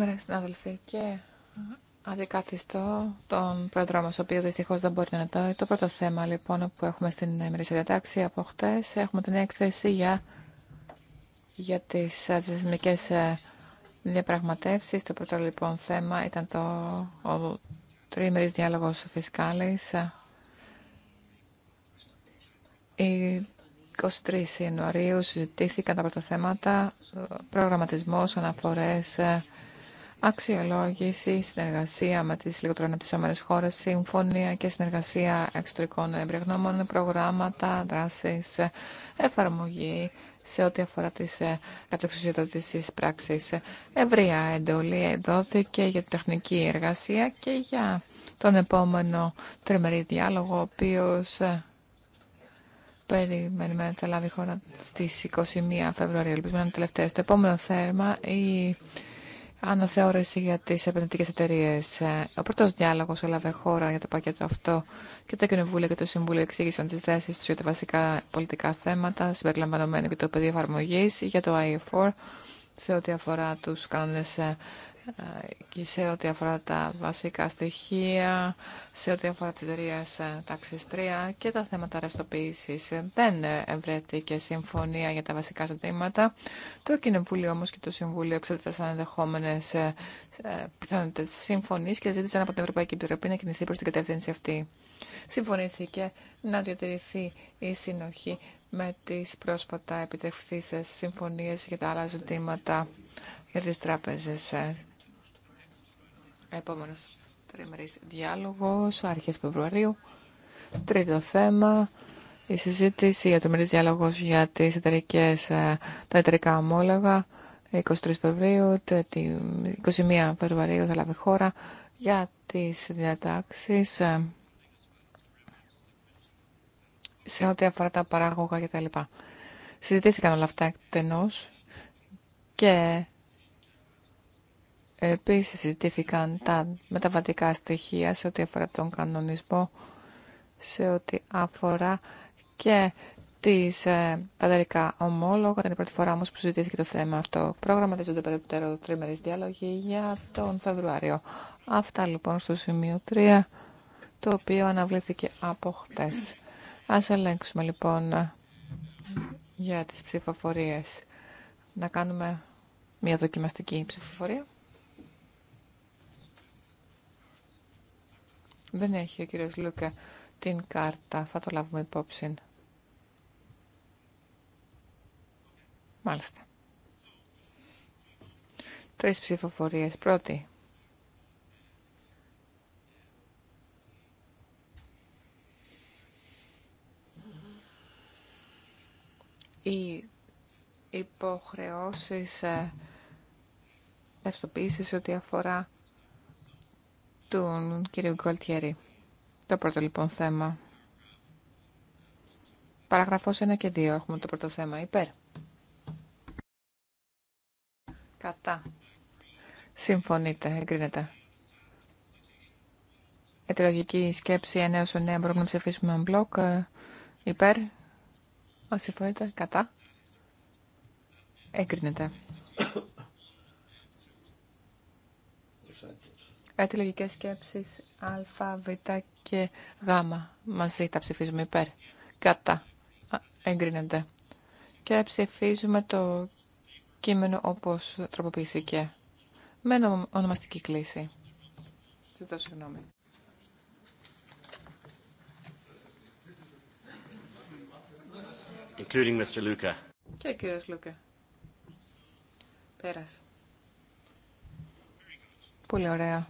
Σήμερα, συνάδελφοι, και αντικαθιστώ τον πρόεδρό μα, ο οποίο δυστυχώ δεν μπορεί να το. Το πρώτο θέμα, λοιπόν, που έχουμε στην ημερήσια διατάξη από χτες, έχουμε την έκθεση για, για τις διαπραγματεύσει. διαπραγματεύσεις. Το πρώτο, λοιπόν, θέμα ήταν το ο τρίμερης διάλογος φυσικάλη. Η 23 Ιανουαρίου συζητήθηκαν τα πρώτα θέματα, προγραμματισμός, αναφορές, αξιολόγηση, συνεργασία με τις λιγότερο αναπτυσσόμενες χώρες, σύμφωνια και συνεργασία εξωτερικών εμπρεγνώμων, προγράμματα, δράσεις, εφαρμογή σε ό,τι αφορά τις ε, κατεξουσιοδότησης πράξης. Ευρία εντολή δόθηκε για τη τεχνική εργασία και για τον επόμενο τριμερή διάλογο, ο οποίος ε, περιμένουμε να λάβει χώρα στις 21 Φεβρουαρίου. Ελπίζουμε να είναι Το επόμενο θέμα, η αναθεώρηση για τι επενδυτικέ εταιρείε. Ε, ο πρώτο διάλογο έλαβε χώρα για το πακέτο αυτό και το Κοινοβούλιο και το Συμβούλιο εξήγησαν τις θέσει του για τα βασικά πολιτικά θέματα, συμπεριλαμβανομένου και το πεδίο εφαρμογή για το IF4 σε ό,τι αφορά του κανόνες ε, και σε ό,τι αφορά τα βασικά στοιχεία, σε ό,τι αφορά τις εταιρείε ε, τάξης 3 και τα θέματα ρευστοποίησης. Ε, δεν ε, ευρέθηκε συμφωνία για τα βασικά ζητήματα. Το Κοινοβούλιο όμως και το Συμβούλιο εξέτασαν ενδεχόμενε πιθανότητε συμφωνήσει και ζήτησαν από την Ευρωπαϊκή Επιτροπή να κινηθεί προ την κατεύθυνση αυτή. Συμφωνήθηκε να διατηρηθεί η συνοχή με τις πρόσφατα επιτευχθήσεις συμφωνίες για τα άλλα ζητήματα για τις τράπεζες. Επόμενος τριμερής διάλογος, αρχέ Φεβρουαρίου. Τρίτο θέμα, η συζήτηση για τριμερής διάλογος για τις εταιρικές, ε, τα εταιρικά ομόλογα. 23 Φεβρουαρίου, 21 Φεβρουαρίου θα λάβει χώρα για τις διατάξεις ε, σε ό,τι αφορά τα παράγωγα κτλ. Συζητήθηκαν όλα αυτά εκτενώς και Επίσης συζητήθηκαν τα μεταβατικά στοιχεία σε ό,τι αφορά τον κανονισμό, σε ό,τι αφορά και τις ε, πατερικά ομόλογα. Είναι η πρώτη φορά όμως που συζητήθηκε το θέμα αυτό. Προγραμματίζονται περίπτερα τρίμερες διάλογοι για τον Φεβρουάριο. Αυτά λοιπόν στο σημείο 3, το οποίο αναβλήθηκε από χτες. Ας ελέγξουμε λοιπόν για τις ψηφοφορίες. Να κάνουμε μια δοκιμαστική ψηφοφορία. Δεν έχει ο κύριος Λούκα την κάρτα. Θα το λάβουμε υπόψη. Μάλιστα. Τρεις ψηφοφορίες. Πρώτη. Οι υποχρεώσεις ε, ευστοποίησης ό,τι αφορά του κύριου Γκολτιέρη. Το πρώτο λοιπόν θέμα. Παραγραφός 1 και 2 έχουμε το πρώτο θέμα. Υπέρ. Κατά. Συμφωνείτε, εγκρίνεται. Ετρολογική σκέψη 9 ως 9 μπορούμε να ψηφίσουμε με μπλοκ. Υπέρ. συμφωνείτε, κατά. Εγκρίνεται. λογικέ σκέψει α, β και γ. Μαζί τα ψηφίζουμε υπέρ. Κατά. Εγκρίνονται. Και ψηφίζουμε το κείμενο όπως τροποποιηθήκε. Με ονομαστική κλίση. Ζητώ συγγνώμη. Including Mr. Luca. Και ο κύριος Λούκα. Πέρασε. Πολύ ωραία.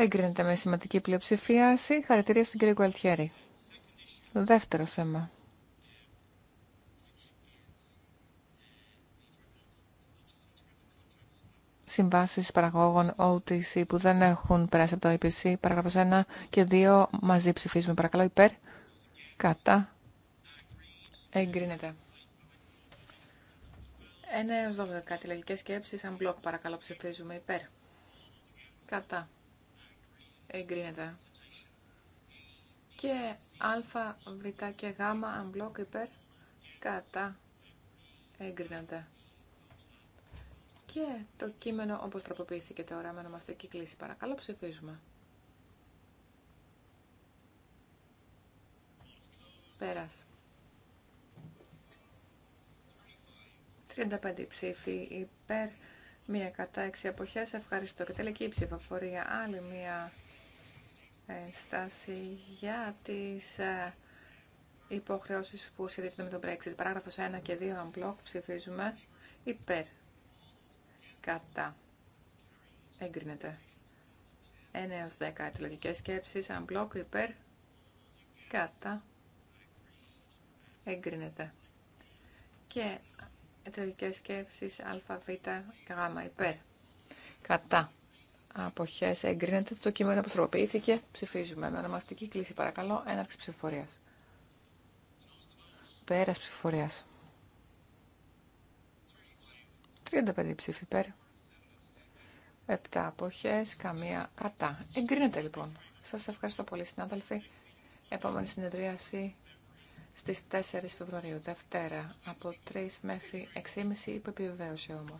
Εγκρίνεται με σημαντική πλειοψηφία. Συγχαρητήρια στον κύριο Γκουαλτιέρη. Δεύτερο θέμα. Συμβάσεις παραγόγων OTC που δεν έχουν περάσει από το IPC, παράγραφος 1 και 2, μαζί ψηφίζουμε παρακαλώ υπέρ, κατά, εγκρίνεται. 1 έως 12, τηλεγικές σκέψεις, αν μπλοκ παρακαλώ ψηφίζουμε υπέρ, κατά εγκρίνεται. Και α, β και γ, αμπλόκ υπέρ, κατά, εγκρίνονται. Και το κείμενο όπως τροποποιήθηκε τώρα με ονομαστική κλίση. Παρακαλώ ψηφίζουμε. Πέρας. 35 ψήφοι υπέρ, μία κατά 6 εποχές. Ευχαριστώ. Και τελική ψηφοφορία. Άλλη μία στάση για τις ε, υποχρεώσεις που σχετίζονται με τον Brexit. Παράγραφος 1 και 2 unblock ψηφίζουμε υπέρ. Κατά. Εγκρίνεται. 9 έως 10 αιτιολογικές σκέψεις unblock υπέρ. Κατά. Εγκρίνεται. Και αιτιολογικές σκέψεις α, β, γ υπέρ. Κατά. Αποχέ εγκρίνεται. Το κείμενο αποστροποποιήθηκε. Ψηφίζουμε με ονομαστική κλίση παρακαλώ. Έναρξη ψηφοφορίας. Πέρα ψηφοφορίας. 35 ψήφοι υπέρ. 7 αποχές, καμία κατά. Εγκρίνεται λοιπόν. Σα ευχαριστώ πολύ συνάδελφοι. Επόμενη συνεδρίαση στι 4 Φεβρουαρίου, Δευτέρα, από 3 μέχρι 6.30 υπό επιβεβαίωση όμω.